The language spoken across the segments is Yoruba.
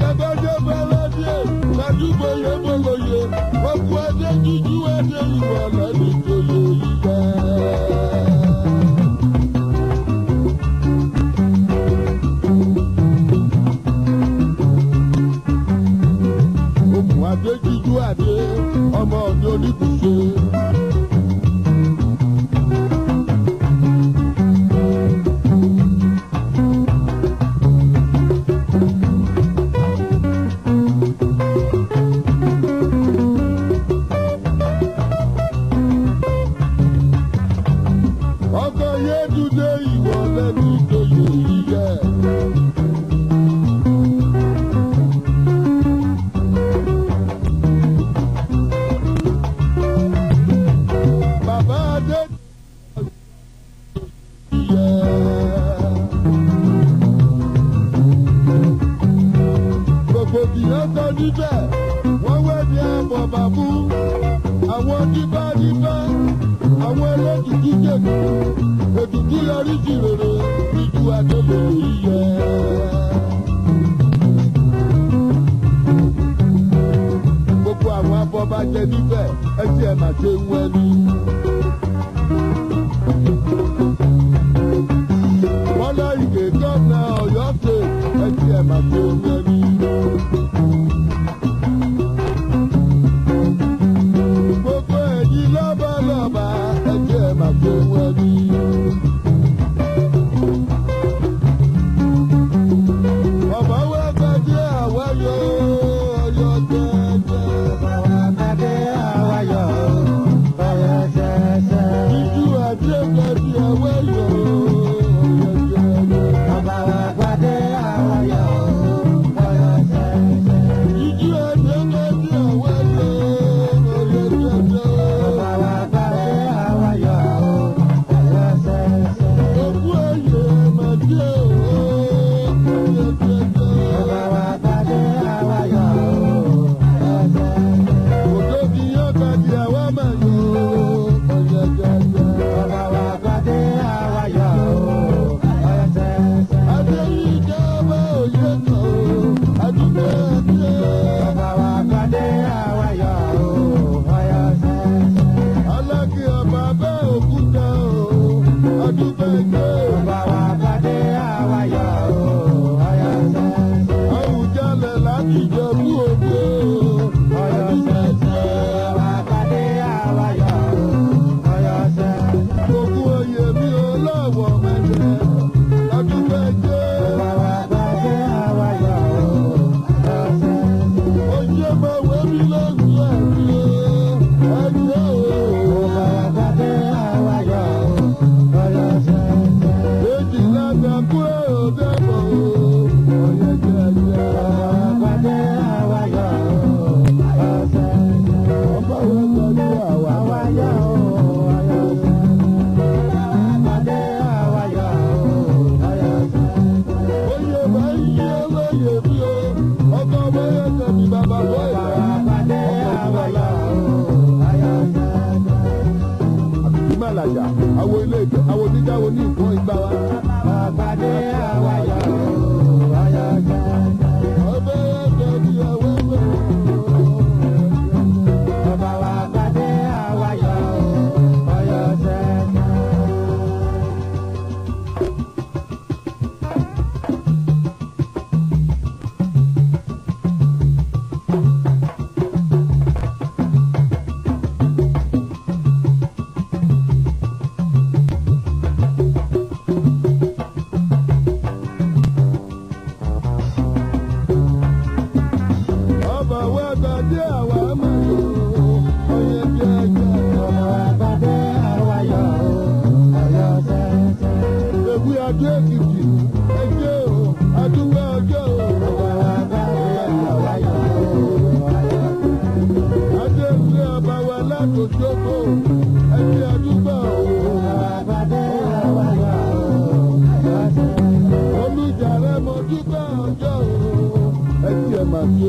bàbá dẹ́gbà ládìẹ ládùúgbò yẹ́gbọ̀lọ́yẹ ọkọ adé dúdú adé ìwà ládùúgbò yẹ yíká. òkun adé dúdú adé ọmọ ọdún oníbùsùn. níbẹ̀ wọ́n wé ní ẹ̀bọ̀ bàbú. Àwọn díbàdíbà, àwọn ẹlẹ́dùkú jèkú, òdùkú yọrí jìrèrè níjú àtẹ̀lẹ̀ yíyẹ. Gbogbo àwọn abọ́bajẹ níbẹ̀, ẹ ti ẹ̀ màṣe ń wẹ́ni. É, te àyà àwọn ilé ìgbẹ́ àwọn oníjà oníǹkan ìgbà wa.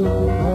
Lord.